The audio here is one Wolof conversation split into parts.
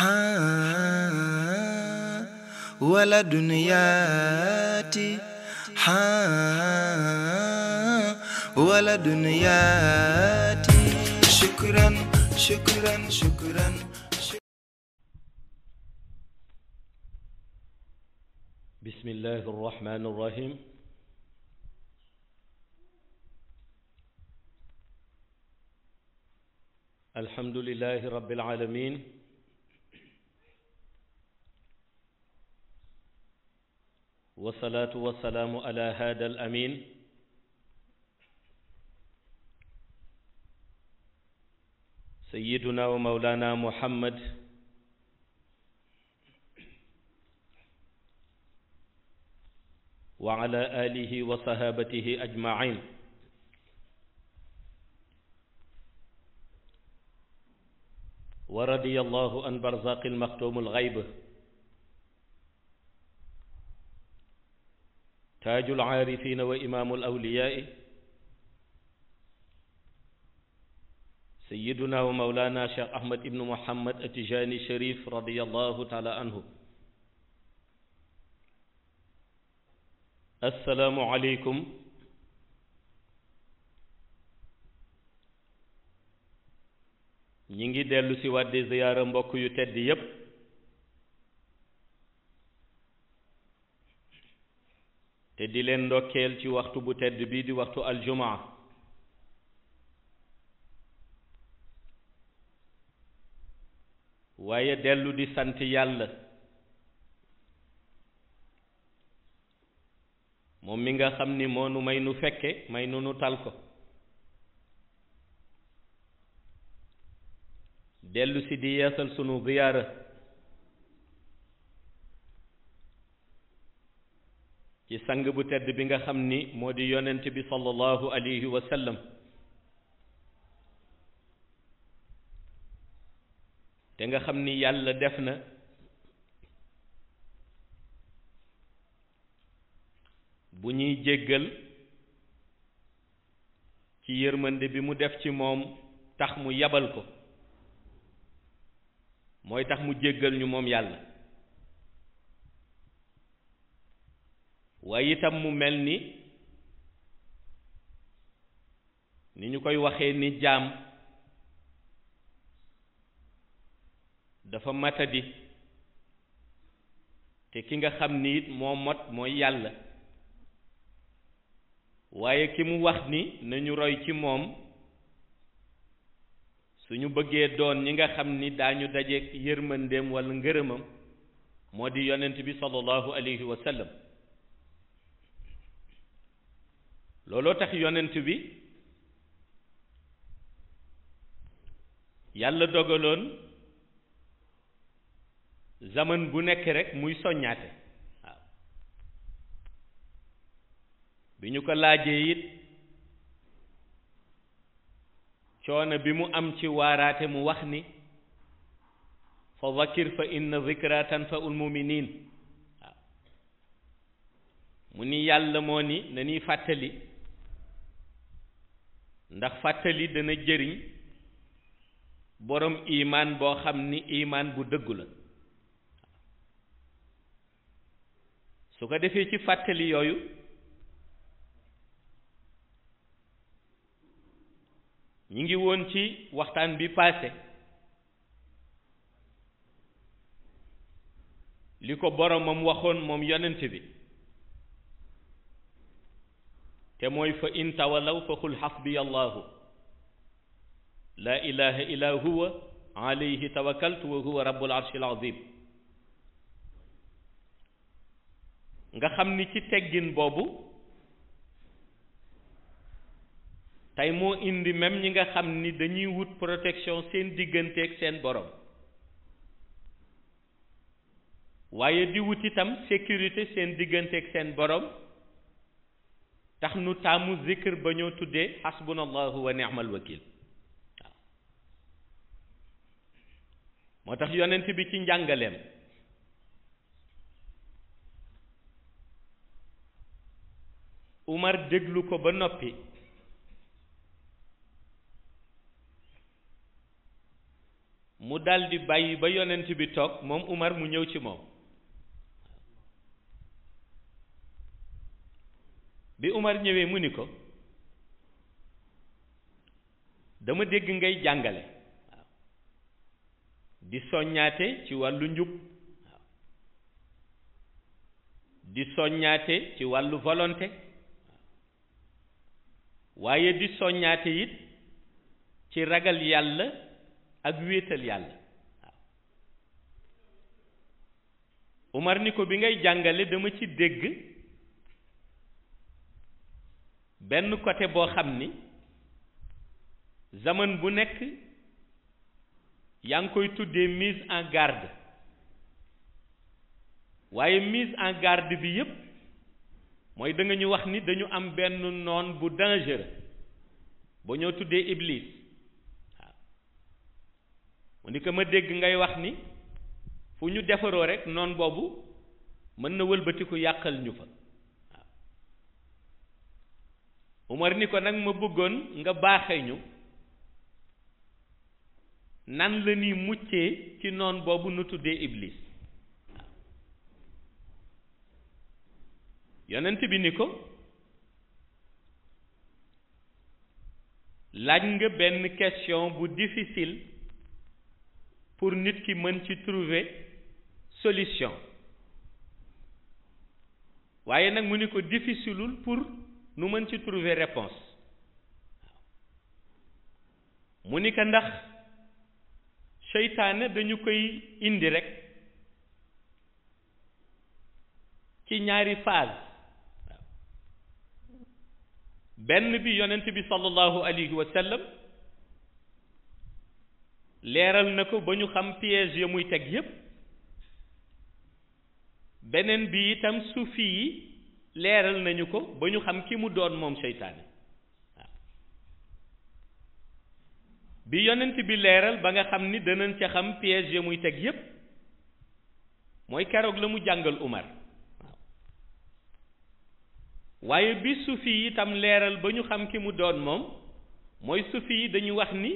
haa wala duniyaati haa wala duniyaati shukran shukran shukran bismillahi rahmaani rahim alhamdulillahi rabbil aalamiin wasalaatu wasalaamu ala hada al amin sayiduna wa maulana muhammad wa ala alihi wa sahabatihi ajmain wa radiya allahu an barzaqi almaxtuum alxayb taajul aarifiina wa imaamul awliyaai sayiduna wa mawlaana cheikh ahmad ibnu muhammad atijani sharif radiallahu taala anhu assalaamu aleykum ñi ngi dellu si wàddi ziyaara mbokk yu tedd yépp te di leen ndokkeel ci waxtu bu tedd bii di waxtu aljumaa waaye dellu di sant yàlla moom mi nga xam ni moo nu may nu fekke may nu nu tal ko dellu di yeesal sunu ziyaara ci sang bu tedd bi nga xam ni moo di yonent bi sallallahu alayhi wa sallam te nga xam ni yàlla def na bu ñuy jéggal ci yërmande bi mu def ci moom tax mu yabal ko mooy tax mu jéggal ñu moom yàlla waaye itam mu mel ni ni ñu koy waxee ni jaam dafa matadi te ki nga xam ni it moo mot mooy yàlla waaye ki mu wax ni nañu roy ci moom su ñu bëggee doon ñi nga xam ni daañu dajeek yërmandeem walla ngërëmam moo di yonent bi sallallahu alayhi wa looloo tax yonent bi yàlla dogaloon zaman bu nekk rek muy soññaate waaw bi ñu ko laajee it coono bi mu am ci waaraate mu wax ni fa zakir fa inna zikra tanfaul muminin waaw mu ni yàlla moo ni na ñuy fàttali ndax fàttali dana jëriñ boroom imaan boo xam ni imaan bu dëggu la su ko defee ci fàttali yooyu ñu ngi woon ci waxtaan bi paase li ko boromam waxoon moom yonent bi te mooy fa in tawallaw fa qul xasbiya allahu laa ilaha illa huwa alayhi tawakkaltu wa huwa rabbul arshil azim nga xam ni ci teggin boobu tey moo indi même ñi nga xam ni dañuy wut protection seen digganteeg seen borom waaye di wut itam sécurité seen digganteeg seen borom tax nu taamu zikr ba ñoo tuddee xasbunallahu wa ni'mal wakil waaw moo tax yonent bi ci njàngaleem Umar déglu ko ba noppi mu daldi bàyyi ba yonent bi toog moom Umar mu ñëw ci moom bi Umar ñëwee mu ni ko dama dégg ngay jàngale waaw di soññaate ci wàllu njub waaw di soññaate ci wàllu volonté waaye di soññaate it ci ragal yàlla ak wéetal yàlla waaw Umar ni ko bi ngay jàngale dama ci dégg benn côté boo xam ni zaman bu nekk yaa ngi koy tuddee mise en garde waaye mise en garde bi yépp mooy da ñu wax ni dañu am benn noon bu dangereux ba ñoo tuddee iblis waaw mu ni ko ma dégg ngay wax ni fu ñu defaroo rek noon boobu mën na wëlbatiku yàqal ñu fa Umar ni ko nag ma bëggoon nga baaxee ñu nan la ni muccee ci noon boobu nu tuddee Iblis yonent bi ni ko laaj nga benn question bu difficile pour nit ki mën ci trouver solution waaye nag mu ni ko difficileul pour lu mën ci trouver réponse waaw mu ni ko ndax seytaane dañu koy indi rek ci ñaari phase benn bi yonent bi sallallahu alayhi wa sallam leeral na ko ba ñu xam piège ya muy teg yépp beneen bi itam sufi yi leeral nañu ko ba ñu xam ki mu doon moom seytaane waaw bi yonent bi leeral ba nga xam ni danañ ca xam piège ya muy teg yépp mooy keroog la mu jàngal Umar waaw waaye bi sufi yi itam leeral ba ñu xam ki mu doon moom mooy sufi yi dañu wax ni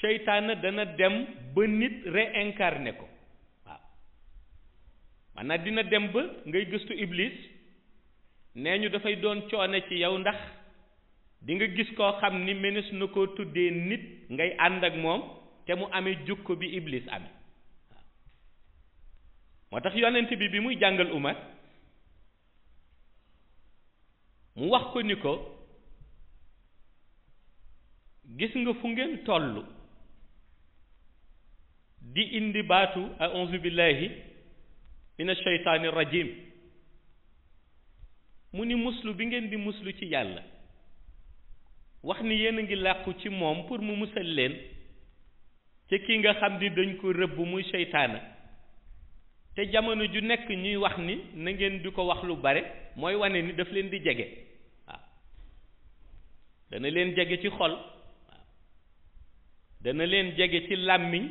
seytaane dana dem ba nit re réincarné ko waaw maanaam dina dem ba ngay gëstu iblis nee ñu dafay doon coone ci yow ndax di nga gis koo xam ni mënees na koo tuddee nit ngay ànd ak moom te mu amee jukko bi iblis amee moo tax yonent bi bi muy jàngal umat mu wax ko ni ko gis nga fu ngeen tollu di indi baatu a auzu billahi min ashaytaani rajim mu ni muslu bi ngeen di muslu ci yàlla wax ni yéen a ngi làqu ci moom pour mu musal leen ci ki nga xam di dañ ko rëbb muy seytaana te jamono ju nekk ñuy wax ni na ngeen di ko wax lu bare mooy wane ni daf leen di jege dana leen jege ci xol dana leen jege ci làmmiñ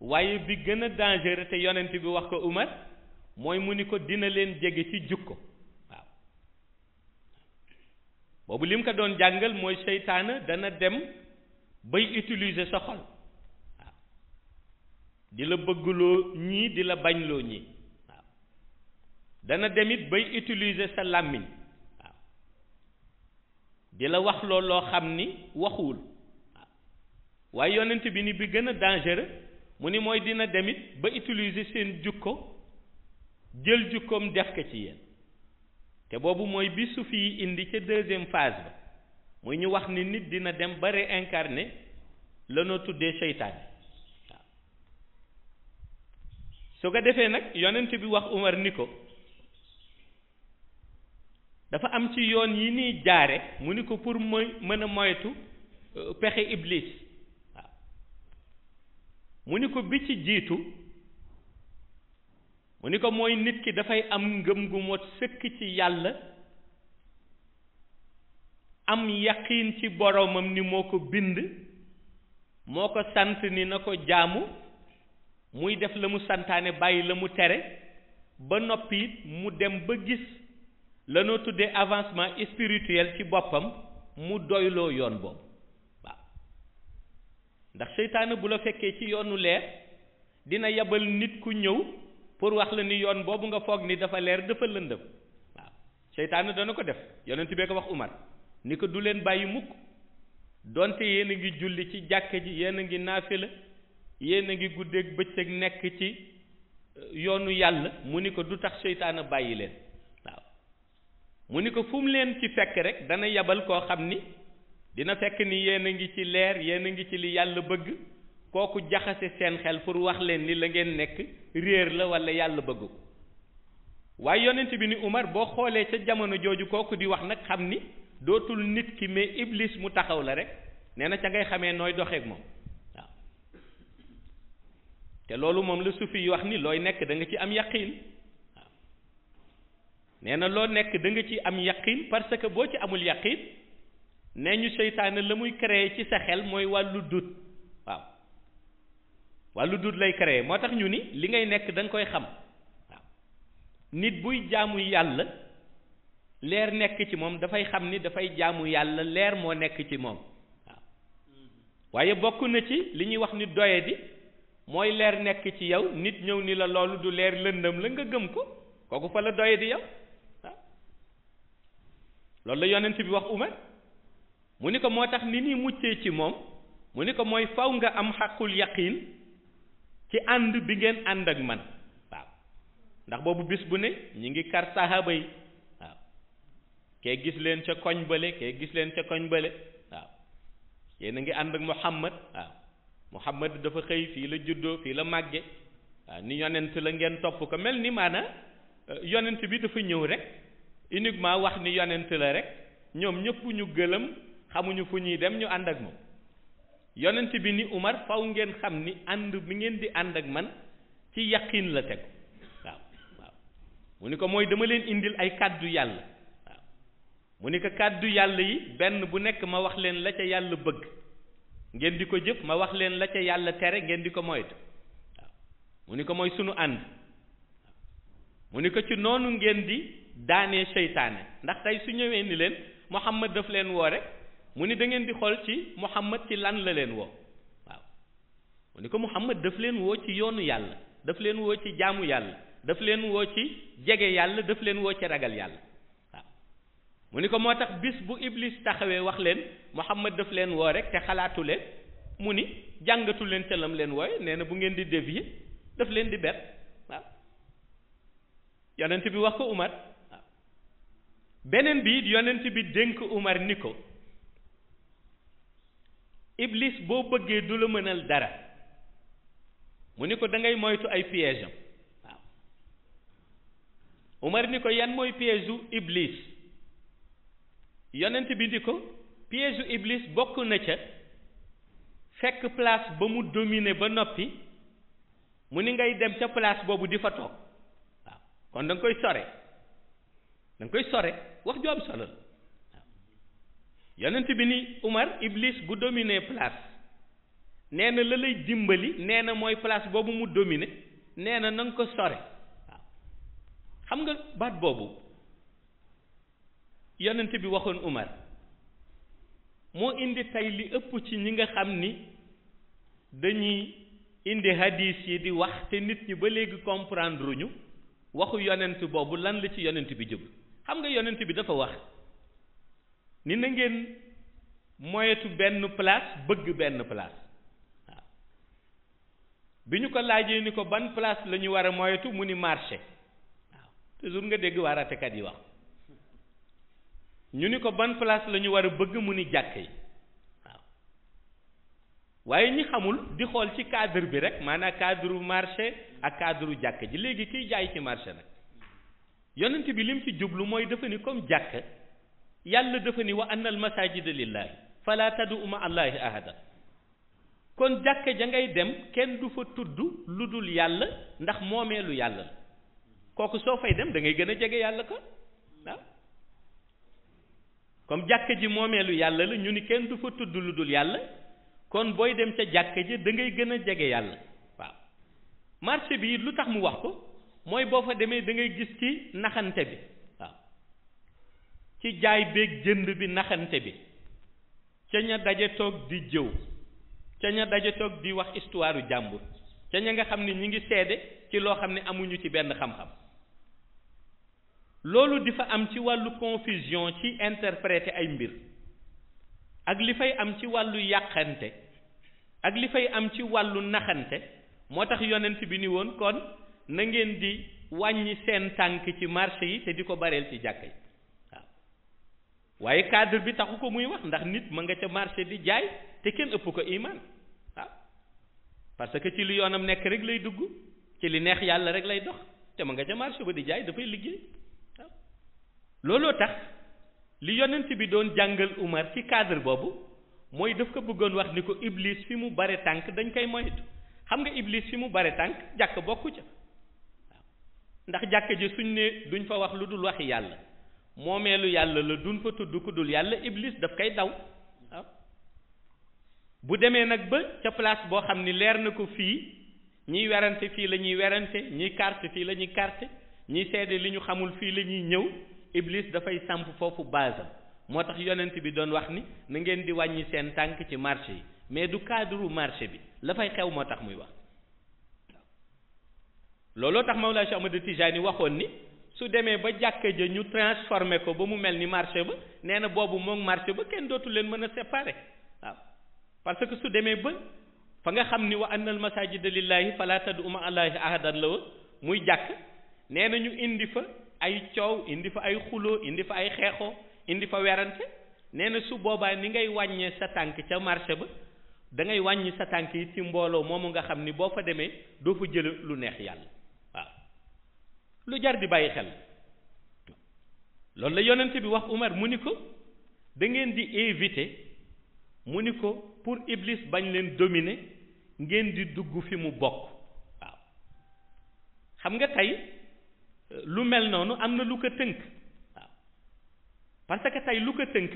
waaye bi gën a dangereux te yonent bi wax ko Umar mooy mu ni ko dina leen jege ci jukko boobu lim ko doon jàngal mooy seytaane dana dem bay utiliser sa xol waaw di la bëgguloo ñii di la bañloo ñii waaw dana dem it bay utiliser sa làmmiñ waaw di la wax loo xam ni waxuwul waaw waaye yonent bi ni bi gën a dangereux mu ni mooy dina dem it ba utilise seen jukko jël jukkoom def ko ci yéen te boobu mooy bi su fi indi ca deuxième phase ba muy ñu wax ni nit dina dem ba réincarné lanoo tuddee seytaane waaw su ko defee nag yonent bi wax Umar ni ko dafa am ci yoon yi nii jaare mu ni ko pour moy mën a moytu euh, pexe iblis mu ni ko bi ci jiitu mu ni ko mooy nit ki dafay am ngëm gu mot sëkk ci yàlla am yaqiin ci boroomam ni moo ko bind moo ko sant ni na ko jaamu muy def la mu santaane bàyyi la mu tere ba noppi mu dem ba gis lanoo tuddee avancement spirituel ci boppam mu doyloo yoon boobu waaw ndax seytaane bu la fekkee ci yoonu leer dina yabal nit ku ñëw pour wax la ni yoon boobu nga foog ni dafa leer dafa lëndëm waaw seytaane dana ko def yonent bee ko wax Umar ni ko du leen bàyyi mukk donte yéen a ngi julli ci jàkka ji yéen a ngi naafila yéen a ngi guddeeg bëccëg nekk ci euh, yoonu yàlla mu ni ko du tax seytaane bàyyi leen waaw mu ni ko fu leen ci fekk rek dana yabal koo xam ni dina fekk ni yéen a ngi ci leer yéen a ngi ci li yàlla bëgg kooku jaxase seen xel pour wax leen ni la ngeen nekk réer la wala yàlla bëgg ko waaye yonent bi ni Umar boo xoolee ca jamono jooju kooku di wax nag xam ni dootul nit ki mais iblis mu taxaw la rek nee na ca ngay xamee nooy doxeek moom waaw te loolu moom la sufi yi wax ni looy nekk danga nga ci am yaqiin waaw nee na loo nekk danga nga ci am yaqiin parce que boo ci amul yaqiin nee ñu seytaane la muy créer ci sa xel mooy wàllu dut waaw wala lu dut lay créer moo tax ñu ni li ngay nekk da koy xam waaw nit buy jaamu yàlla leer nekk ci moom dafay xam ni dafay jaamu yàlla leer moo nekk ci moom waaw waaye bokk na ci li ñuy wax nit doye di mooy leer nekk ci yow nit ñëw ni la loolu du leer lëndëm la nga gëm ko kooku fa la doye di yow loolu la yonent bi wax Umar mu ni ko moo tax ni ni muccee ci moom mu ni ko mooy faw nga am xaqul yaqiin ci ànd bi ngeen ànd ak man waaw ndax boobu bis bu ne ñi ngi kar sahaaba yi waaw kee gis leen ca koñ bële kee gis leen ca koñ bale waaw yéen a ngi ànd ak Muhammad waaw Muhammad dafa xëy fii la juddoo fii la màgge waaw ni yonent la ngeen topp ko mel ni maana euh, yonent bi dafa ñëw rek uniquement wax ni yonent la rek ñoom ñëpp ñu gëlëm xamuñu fu ñuy dem ñu ànd ak moom yonent bi ni Umar faw ngeen xam ni ànd bi ngeen di ànd ak man ci yaqin la tegu waaw waaw mu ni ko mooy dama leen indil ay kàddu yàlla waaw mu ni ko kàddu yàlla yi benn bu nekk ma wax leen la ca yàlla bëgg ngeen di ko jëf ma wax leen la ca yàlla tere ngeen di ko moytu waaw mu ni ko mooy sunu ànd mu ni ko ci noonu ngeen di daanee seytaane ndax tey su ñëwee ni leen mu xam ma daf leen woo rek mu ni dangeen di xool ci Muhammad ci lan la leen woo waaw mu ni ko Muhammad daf leen woo ci yoonu yàlla daf leen woo ci jaamu yàlla daf leen woo ci jege yàlla daf leen woo ci ragal yàlla waaw mu ni ko moo tax bis bu Iblis taxawee wax leen Muhammad daf leen woo rek te xalaatu leen mu ni jàngatu leen ca lam leen wooye nee na bu ngeen di dévier daf leen di bet waaw yonent bi wax ko Umar waaw beneen bi it yonent bi dénk Umar ni ko iblis boo bëggee du la mënal dara mu ni ko da ngay moytu ay piège am waaw Umar ni ko yan mooy piège u iblis yonent bi ni ko piège u iblis bokk na ca fekk place ba mu dominer ba noppi mu ni ngay dem ca place boobu di fa toog waaw kon da koy sore da koy sore wax ju am yonent bi ni Umar Iblis bu dominer place nee na la lay dimbali nee na mooy place boobu mu dominer nee na na ko sore xam nga baat boobu yonent bi waxoon Umar moo indi tey li ëpp ci ñi nga xam ni dañuy indi hadis yi di wax te nit ñi ba léegi comprendre ñu waxu yonent boobu lan la ci yonent bi jublu xam nga yonent bi dafa wax. ni na ngeen moyetu benn place bëgg benn place waaw bi ñu ko laajee ni ko ban place la ñu war a moyetu mu ni marché waaw toujours nga dégg waaraatekat yi wax ñu ni ko ban place lañu ñu war a bëgg mu ni jàkk yi waaw waaye ñi xamul di xool ci cadre bi rek maanaa cadre marché ak cadre jàkk ji léegi kiy jaay ci marché nag yonent bi lim ci jublu mooy dafa ni comme jàkk yàlla dafa ni wa anna al masajida lillahi fala tad'u ma allahi ahada kon jàkka ja ngay dem kenn du fa tudd lu dul yàlla ndax moomeelu yàlla la kooku soo fay dem dangay gën a jege yàlla ko waaw comme jàkka moomeelu yàlla la ñu ni kenn du fa tudd lu dul yàlla kon booy dem ca jàkka ji dangay gën a jege yàlla waaw marché bi lu tax mu wax ko mooy boo fa demee da ngay gis ci naxante bi ci jaay béeg jënd bi naxante bi ca ña daje toog di jëw ca ña daje toog di wax histoire jàmbur ca ña nga xam ne ñu ngi seede ci loo xam ne amuñu ci benn xam-xam loolu di fa am ci wàllu confusion ci interpréter ay mbir ak li fay am ci wàllu yàqante ak li fay am ci wàllu naxante moo tax yonent bi ni woon kon na ngeen di wàññi seen tànk ci marché yi te di ko bareel ci jàkka yi waaye cadre bi taxu ko muy wax ndax nit ma nga ca marché di jaay te kenn ëpp ko iman waaw parce que ci li yoonam nekk rek lay dugg ci li neex yàlla rek lay dox te ma nga ca marché ba di jaay dafay liggéey looloo tax li yonent bi doon jàngal Umar ci cadre boobu mooy daf ko bëggoon wax ni ko iblis fi mu bare tànk dañ koy moytu xam nga iblis fi mu bare tànk jàkk bokku ca waaw ndax jàkk ji suñ ne duñ fa wax lu dul waxi yàlla moomeelu yàlla la duñ fa tudd ku dul yàlla iblis daf koy daw bu demee nag ba ca place boo xam ni leer na ko fii ñiy werante fii la ñuy werante ñiy carte fii la ñuy carte ñiy seede li ñu xamul fii la ñuy ñëw iblis dafay samp foofu base moo tax yonent bi doon wax ni na ngeen di wàññi seen tànk ci marché yi mais du cadre marché bi la fay xew moo tax muy wax looloo tax Mawlana Cheikh Ahmad Tijani waxoon ni su demee ba jàkk ja ñu transformé ko ba mu mel ni marché ba nee na boobu moom marché ba kenn dootu leen mën a séparer waaw parce que su demee ba fa nga xam ni wa anna al masajida lillahi fala tad'u ma allahi ahadan la woon muy jàkk nee na ñu indi fa ay coow indi fa ay xuloo indi fa ay xeexoo indi fa werante nee na su boobaa ni ngay wàññee sa tànk ca marché ba da ngay wàññi sa tànk yi ci mbooloo moomu nga xam ni boo fa demee doo fa jël lu neex yàlla lu jar di bàyyi xel loolu la yonent bi wax Umar mu ni ko dangeen di éviter mu ni ko pour Iblis bañ leen dominer ngeen di dugg fi mu bokk waaw xam nga tey lu mel noonu am na lu ko tënk waaw parce que tey lu ko tënk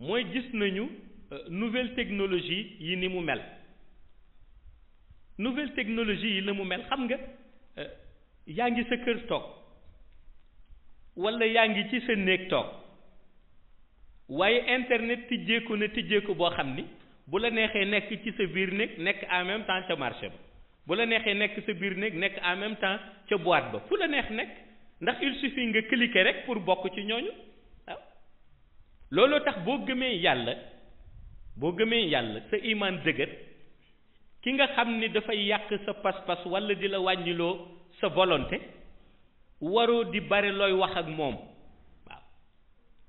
mooy gis nañu euh, nouvelle technologie yi ni mu mel nouvelle technologie yi la mu mel xam nga euh, yaa ngi sa kër toog wala yaa ngi ci sa néeg toog waaye internet tijjeeku na tijjeeku boo xam ni bu la neexee nekk ci sa biir néeg nekk en même temps ca marché ba bu la neexee nekk sa biir néeg nekk en même temps ca boîte ba fu la neex nekk ndax il suffit nga cliquer rek pour bokk ci ñooñu looloo tax boo gëmee yàlla boo gëmee yàlla sa iman dëgër ki nga xam ni dafay yàq sa pas-pas wala di la wàññiloo sa volonté waroo di bare looy wax ak moom waaw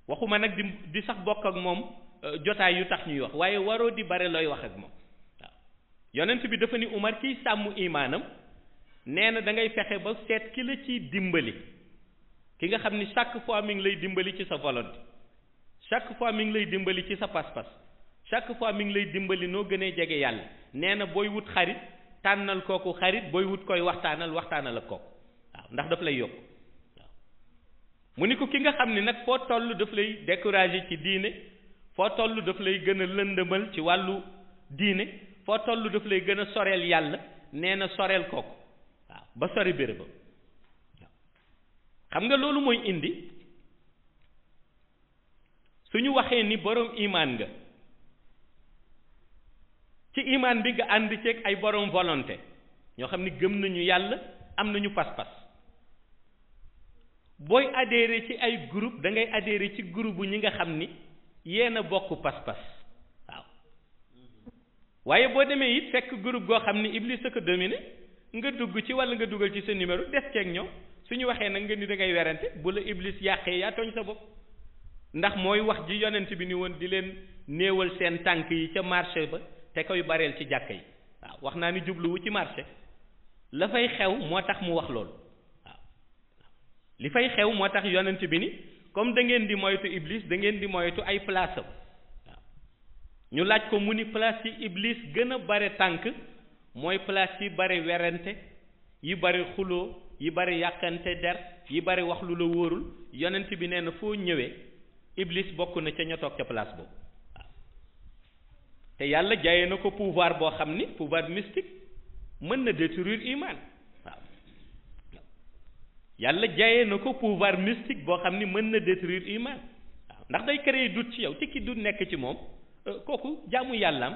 waxuma nag di di sax bokk ak moom euh, jotaay yu tax ñuy wax waaye waroo di bare looy wax ak moom waaw yonent bi dafa ni Umar kiy sàmm imaanam nee na da ngay fexe ba seet ki la ciy dimbali ki nga xam ni chaque fois mi ngi lay dimbali ci sa volonté chaque fois mi ngi lay dimbali ci sa pas-pas chaque fois mi ngi lay dimbali noo gënee jege yàlla nee na booy wut xarit tànnal kooku xarit booy wut koy waxtaanal waxtaanal ak kooku waaw ndax daf lay yokk waaw mu ni ko ki nga xam ne nag foo toll daf lay décourager ci diine foo tollu daf lay gën a lëndëmal ci wàllu diine foo tollu daf lay gën a soreel yàlla nee na soreel kooku waaw ba sori bérébam waaw xam nga loolu mooy indi su ñu waxee ni borom imaan nga ci imaan bi nga ànd ceeg ay borom volonté ñoo xam ne gëm nañu yàlla am nañu pas-pas booy adhéré ci ay groupe da ngay adhéré ci groupe bu ñi nga xam ni yéen a bokk pas-pas waaw waaye boo demee it fekk groupe goo xam ne iblis a ko nga dugg ci walla nga dugal ci sa numéro des ceeg ñoom suñu waxee nag nga ni dangay ngay werante bu la iblis yàqee yaa tooñ sa bopp ndax mooy wax ji yonent bi ni woon di leen néewal seen tànk yi ca marché ba te koy bareel ci jàkka yi waaw wax naa ni jubluwu ci marché la fay xew moo tax mu wax loolu waaw li fay xew moo tax yonent bi ni comme da ngeen di moytu iblis da ngeen di moytu ay place ñu laaj ko mu ni place yi iblis gën a bare tànk mooy place yi bare werante yi bare xuloo yi bare yàqante der yi bare wax lu la wóorul yonent bi nee na foo ñëwee iblis bokk na ca ña toog ca place boobu te yàlla jaayee na ko pouvoir boo xam ni pouvoir mystique mën na détruire iman waaw yàlla jaayee na ko pouvoir mystique boo xam ni mën na détruire iman waaw ndax day créer doute ci yow te dut nekk ci moom euh, kooku jaamu yàllaam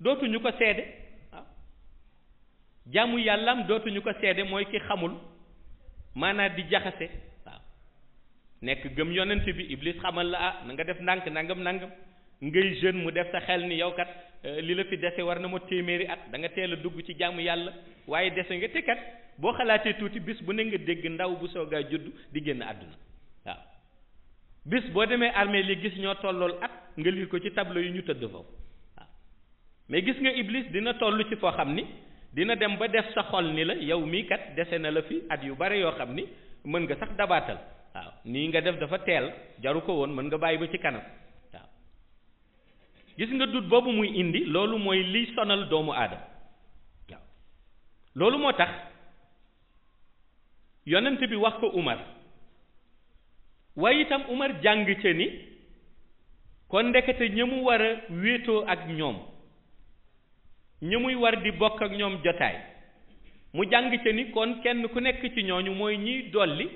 dootuñu ko seede waaw jaamu yàllaam dootuñu ko seede mooy ki xamul maanaam di jaxase waaw nekk gëm yonent bi iblis xamal la ah na nga def ndànk nangam nangam ngay jeune mu def sa xel ni yow kat euh, li la fi dese war na ma téeméeri at da nga teel a dugg ci jàmm yàlla waaye dese nga te kat boo xalaatee tuuti bis bu ne nga dégg ndaw bu soogaa juddu di génn àdduna waaw bis boo demee armée li gis ñoo tollool at nga liir ko ci tableau yi ñu tëdd ko waaw mais gis nga Iblis dina toll ci foo xam ni dina dem ba def sa xol ni la yow mii kat dese na la fi at yu bare yoo xam ni mën nga sax dabaatal waaw nii nga def dafa teel jaru ko woon mën nga bàyyi ba ci kanam. gis nga dut boobu muy indi loolu mooy liy sonal doomu aadama loolu moo tax yonent bi wax ko Umar waaye itam Umar jàng ca ni kon ndekete ña mu war a wéetoo ak ñoom ña muy war di bokk ak ñoom jotaay mu jàng ca ni kon kenn ku nekk ci ñooñu mooy ñiy dolli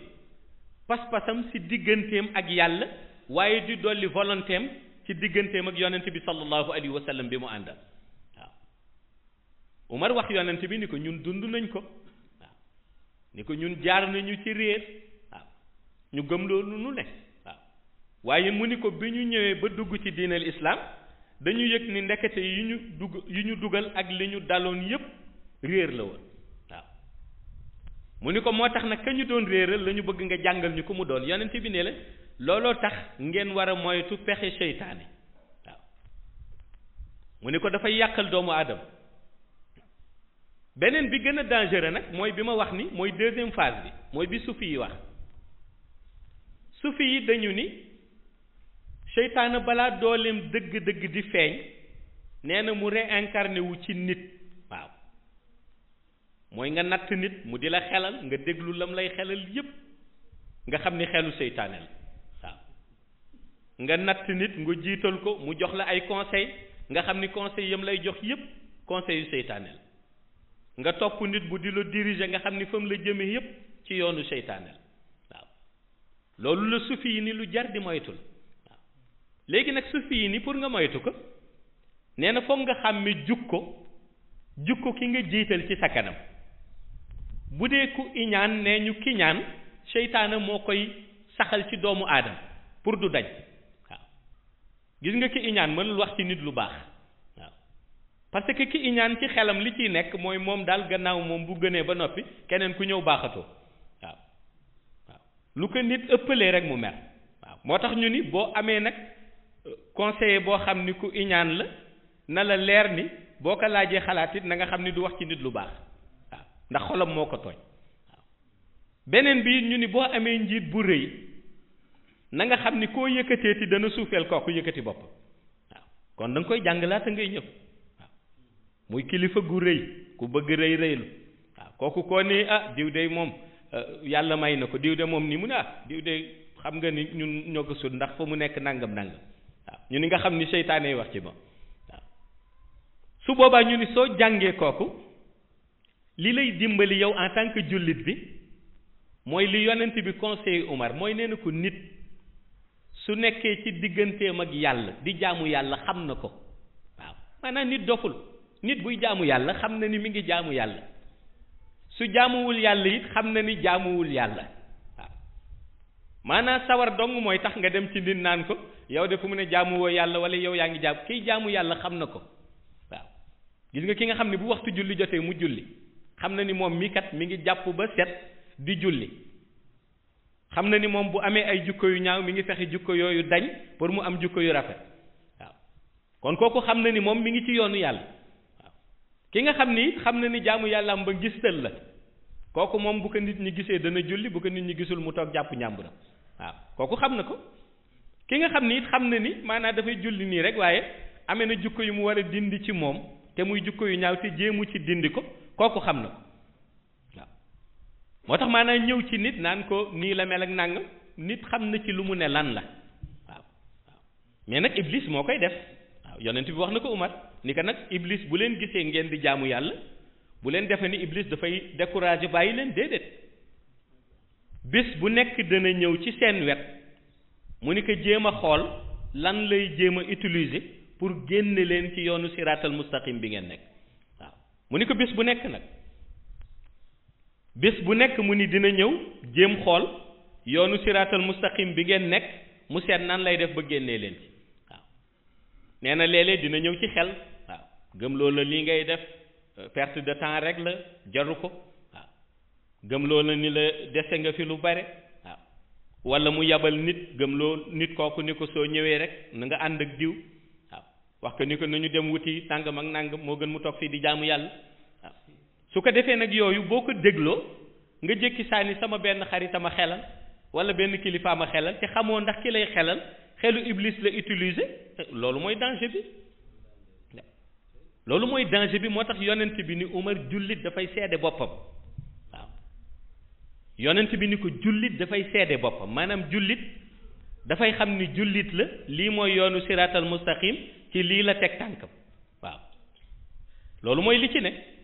pas-pasam si digganteem ak yàlla waaye di dolli volontéem ci digganteem ak yonent bi sallallahu alayhi wa sallam bi mu àndal waaw Umar wax yonent bi ni ko ñun dund nañ ko waaw ni ko ñun jaar nañu ci réer waaw ñu gëm loolu nu ne waaw waaye mu ni ko bi ñu ñëwee ba dugg ci diinal islaam dañu yëg ni ndekete yi ñu dugg yi ñu dugal ak li ñu daloon yépp réer la woon waaw mu ni ko moo tax nag ka ñu doon réeral la ñu bëgg nga jàngal ñi ko mu doon yonent bi ne la looloo tax ngeen war a moytu pexe seytaane waaw mu ne ko dafay yàqal doomu aadama beneen bi gën a dangereux nag mooy bi ma wax ni mooy deuxième phase bi mooy bi sufi yi wax sufi yi dañu ni seytaane balaa dooleem dëgg-dëgg di feeñ nee na mu réincarné wu ci nit waaw mooy nga natt nit mu di la xelal nga déglu lam lay xelal yépp nga xam ni xelu seytaane la nga natt nit nga jiital ko mu jox la ay conseil nga xam ni conseil yam lay jox yépp conseil yu seytaane la nga topp nit bu di la diriger nga xam ni fa la jëme yépp ci yoonu seytaane la waaw loolu la sufi yi ni lu jar di moytu la waaw léegi nag sufi yi ni pour nga moytu ko nee na foog nga xàmme jukko jukko ki nga jiital ci sa kanam bu dee ku iñaan nee ñu kiñaan seytaane moo koy saxal ci doomu aadama pour du dañ gis nga ki iñaan mënul wax ci nit lu baax waaw parce que ki iñaan ci xelam li ciy nekk mooy moom daal gannaaw moom bu gënee ba noppi keneen ku ñëw baaxatoo waaw waaw lu ko nit ëppalee rek mu mer waaw moo tax ñu ni boo amee nag euh, conseiller boo xam ni ku iñaan la na la leer ni boo ko laajee xalaat it na nga xam ni du wax ci nit lu baax waaw ndax xolom moo ko tooñ waaw beneen bi ñu ni boo amee njiit bu rëy nanga xam ni koo yëkkateeti dana suufeel kooku yëkkati bopp waaw kon da koy jàng laata ngay ñëw waaw muy kilifa gu rëy ku bëgg rëy rëylu waaw kooku koo ne ah diw de moom eh, yàlla may na ko diw de moom ni mu ne ah diw de xam nga ni ñun ñoo sut ndax fa mu nekk nangam nangam waaw ñu ni nga xam ni seytaane wax ci moom waaw su boobaa ñu ni soo jàngee kooku li lay dimbali yow en tant que jullit bi mooy li yonent bi conseil Umar mooy nee na ko nit su nekkee ci digganteem ak yàlla di jaamu yàlla xam na ko waaw maanaam nit doful nit buy jaamu yàlla xam na ni mi ngi jaamu yàlla su jaamuwul yàlla it xam na ni jaamuwul yàlla waaw maanaam sawar dong mooy tax nga dem ci nit naan ko yow de fu mu ne jaamuwoo yàlla wala yow yaa ngi jaam kiy jaamu yàlla xam na ko waaw gis nga ki nga xam ne bu waxtu julli jotee mu julli xam na ni moom mi kat mi ngi jàpp ba set di julli xam na ni moom bu amee ay jukko yu ñaaw mi ngi fexe jukko yooyu dañ pour mu am jukko yu rafet waaw kon kooku xam na ni moom mi ngi ci yoonu yàlla waaw ki nga xam ni xam na ni jaamu yàllaam ba gistal la kooku moom bu ko nit ñi gisee dana julli bu ko nit ñi gisul mu toog jàpp ñàmburam waaw xam na ko ki nga xam ni it xam na ni maanaam dafay julli nii rek waaye amee na jukko yu mu war a dindi ci moom te muy jukko yu ñaaw te jéemu ci dindi ko kooku xam na ko moo tax maanaam ñëw ci nit naan ko nii la mel ak nangam nit xam na ci lu mu ne lan la waaw waaw mais nag iblis moo koy def waaw yonent bi wax na ko Umar ni ko nag iblis bu leen gisee ngeen di jaamu yàlla bu leen defee ni iblis dafay décourager bàyyi leen déedéet bés bu nekk dana ñëw ci seen wet mu ni ko jéem a xool lan lay jéem a utiliser pour génne leen ci yoonu siraatal mustaqim bi ngeen nekk waaw mu ni ko bés bu nekk nag. bés bu nekk mu ni dina ñëw jéem xool yoonu siraatal mustaqim bi ngeen nekk mu seet nan lay def ba génnee leen ci waaw nee na léeg dina ñëw ci xel waaw gëm loo la lii ngay def euh, perte de temps rek la jaru ko waaw gëm loo la ni la dese nga fi lu bare waaw walla mu yabal nit gëm loo nit kooku ni ko soo ñëwee rek na nga ànd ak diw waaw wax ko ni ko nañu dem wuti tàngam ak nàngam moo gën mu toog fii di jàmm yàlla su ko defee nag yooyu boo ko dégloo nga jëkki saa ni sama benn xaritama xelal wala benn kilifaama xelal te xamoo ndax ki lay xelal xelu iblis la utilise loolu mooy danger bi loolu mooy danger bi moo tax yonent bi ni Umar jullit dafay seede boppam waaw yonent bi ni ko jullit dafay seede boppam maanaam jullit dafay xam ni jullit la lii mooy yoonu siraatal mustaqim ci lii la teg tànkam waaw loolu mooy li ne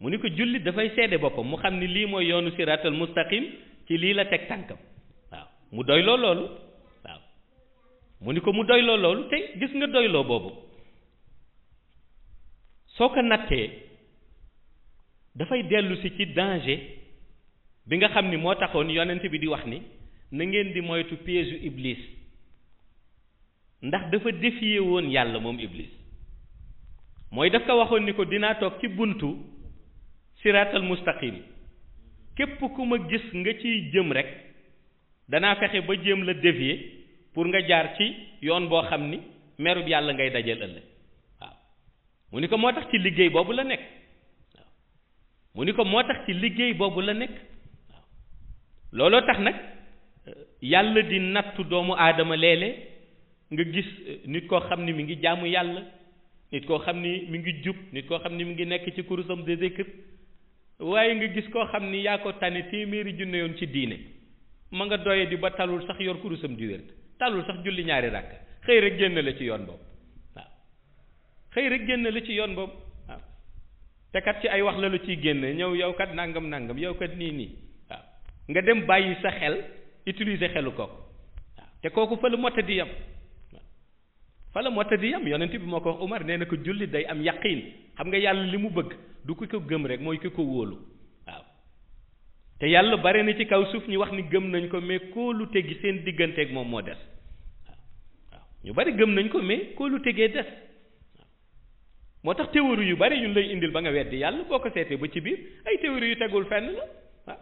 mu ni ko jullit dafay seede boppam mu xam ni lii mooy yoonu siratal mustaqim ci lii la teg tànkam waaw mu doyloo loolu waaw mu ni ko mu doyloo loolu te gis nga doyloo boobu soo ko nattee dafay dellu si ci danger bi nga xam ni moo taxoon yonent bi di wax ni na ngeen di moytu piège u iblis ndax dafa défier woon yàlla moom iblis mooy daf ko waxoon ni ko dinaa toog ci buntu siraatal mustaqim képp ku ma gis nga ci jëm rek danaa fexe ba jëm la dévier pour nga jaar ci yoon boo xam ni merub yàlla ngay dajal ëllëg waaw mu ni ko moo tax ci liggéey boobu la nekk waaw ko moo ci liggéey boobu la nekk waaw looloo tax nag euh, yàlla di nattu doomu aadama leele nga gis euh, nit koo xam ni mu ngi jàmm yàlla nit koo xam ni mu ngi jub nit koo xam ni mu ngi nekk ci kurusam de zikr waaye nga gis koo xam ni yaa ko tànne téeméeri junne yoon ci diine ma nga doye di ba talul sax yor kurusam di wér talul sax julli ñaari ràkk xëy génn la ci yoon boobu waaw xëy rek génn la ci yoon boobu waaw te kat ci ay wax la lu ciy génn ñëw yow kat nangam nangam yow kat nii nii waaw nga dem bàyyi sa xel utilise xelu ko waaw te kooku fa la motta di yam fa la di yam yonent bi moo ko wax Umar nee na ko julli day am yaqiin xam nga yàlla li mu bëgg du ki ko gëm rek mooy ki ko wóolu waaw te yàlla bare na ci kaw suuf ñi wax ni gëm nañ ko mais kóolute gi seen digganteeg moom moo des waaw ñu bari gëm nañ ko mais kóolute gee des moo tax théorie yu bari ñun lay indil ba nga weddi yàlla boo ko seetee ba ci biir ay théorie yu tegul fenn la waaw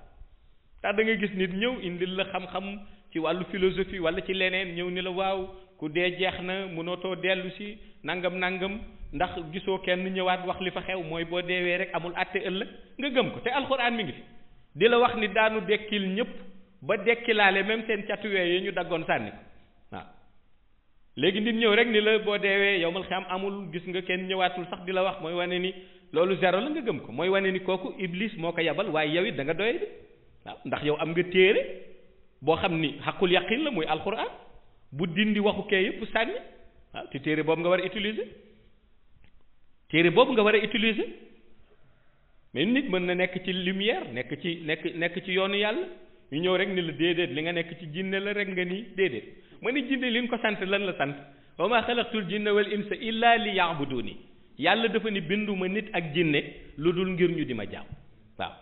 ndax da nga gis nit ñëw indil la xam-xam ci wàllu philosophie walla ci leneen ñëw ni la waaw ku dee jeex na mënootoo dellu si nangam nangam ndax gisoo kenn ñëwaat wax li fa xew mooy boo deewee rek amul àtte ëllëg nga gëm ko te alxuraan mi ngi fi di la wax ni daanu dekkil ñëpp ba dekkilaale même seen catuwee yi ñu daggoon sànni ko waaw léegi nit ñëw rek ni la boo deewee yow mal xam amul gis nga kenn ñëwaatul sax di la wax mooy wane ni loolu zéro la nga gëm ko mooy wane ni kooku iblis moo ko yabal waaye yow it danga nga doye waaw ndax yow am nga téere boo xam ni xaqul yaqin la muy alxuraan bu dindi waxu kee yëpp sànni waaw ah, te téere boobu nga war a utiliser téere boobu nga war a utiliser mais nit mën na nekk ci lumière nekk ci nekk nekk ci yoonu yàlla ñu ñëw rek ni la déedéet li nga nekk ci jinne la rek nga ni déedéet ma ni jinne li nga ko sant lan la sant wa ma xalaqtul jinna wal insa illa li yaabuduni yàlla dafa ni binduma nit ak jinne lu dul ngir ñu di ma jaam waaw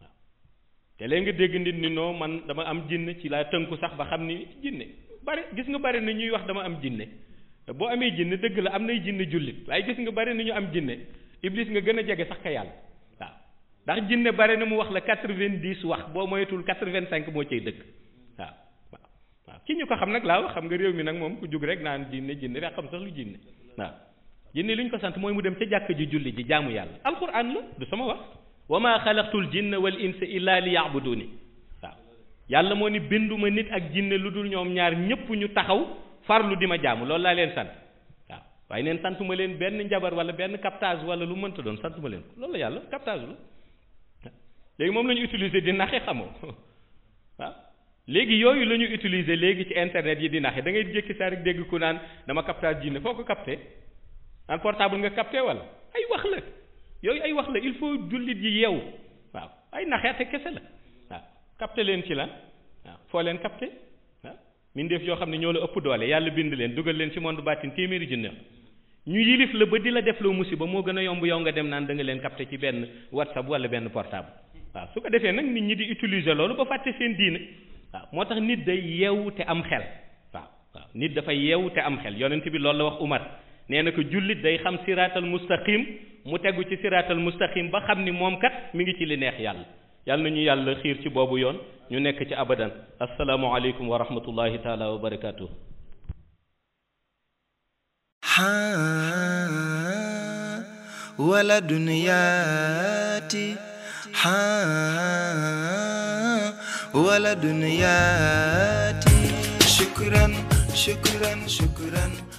waaw te léegi nga dégg nit ni noo man dama am jinne ci laa tënku sax ba xam ni jinne bari gis nga bari na ñuy wax dama am jinne boo amee jinne dëgg la am nay jinne jullit waaye gis nga bari na ñu am jinne iblis nga gën a jege sax ka yàlla waaw ndax jinne bari na mu wax la quatre-vingt-dix wax boo moytul quatre-vingt-cinq moo cay dëkk waaw waaw waaw ki ñu ko xam nag laa xam nga réew mi nag moom ku jug rek naan jinne jinne rek xam sax lu jinne waaw jinne li ñu ko sant mooy mu dem ca jàkk ji julli ji jaamu yàlla alquran la du sama wax wa ma xalaqtul jinna wal insa illa li yaabuduni yàlla moo ni binduma nit ak jinne lu dul ñoom ñaar ñëpp ñu taxaw farlu di ma jaamu loolu laa leen sant waaw waaye neen santuma leen benn njabar wala benn captage wala lu mënta doon santuma leen ko loolu yàlla captage la léegi moom la ñu utiliser di naxe xamoo léegi yooyu la ñu utiliser léegi ci internet yi di naxe da ngay jékki saa dégg ku naan dama captage jinne foo ko capté en portable nga capté wala ay wax la yooyu ay wax la il faut jullit yi yeewu waaw ay naxeate kese la capté leen ci lan waaw foo leen capté ah mindeef yoo xam ne ñoo la ëpp doole yàlla bind leen dugal leen ci monde baatin téeméeri junne ñu yilif la ba di la def loo musiba moo gën a yomb yow nga dem naan danga leen capté ci benn whatsapp wala benn portable waaw su ko defee nag nit ñi di utiliser loolu ba fàtte seen diine waaw moo tax nit day yeewu te am xel waaw waaw nit dafa yeewu te am xel yonent bi loolu la wax Umar nee na ko jullit day xam siraatal mustaqim mu tegu ci siraatal mustaqim ba xam ni moom kat mi ngi ci li neex yàlla yàlla nañu yàlla xiir ci boobu yoon ñu nekk ci abada asalaamualeykum wa rahmatullahi taala wa barakaatu. wala duniyaati wala duniyaati shukran shukran shukran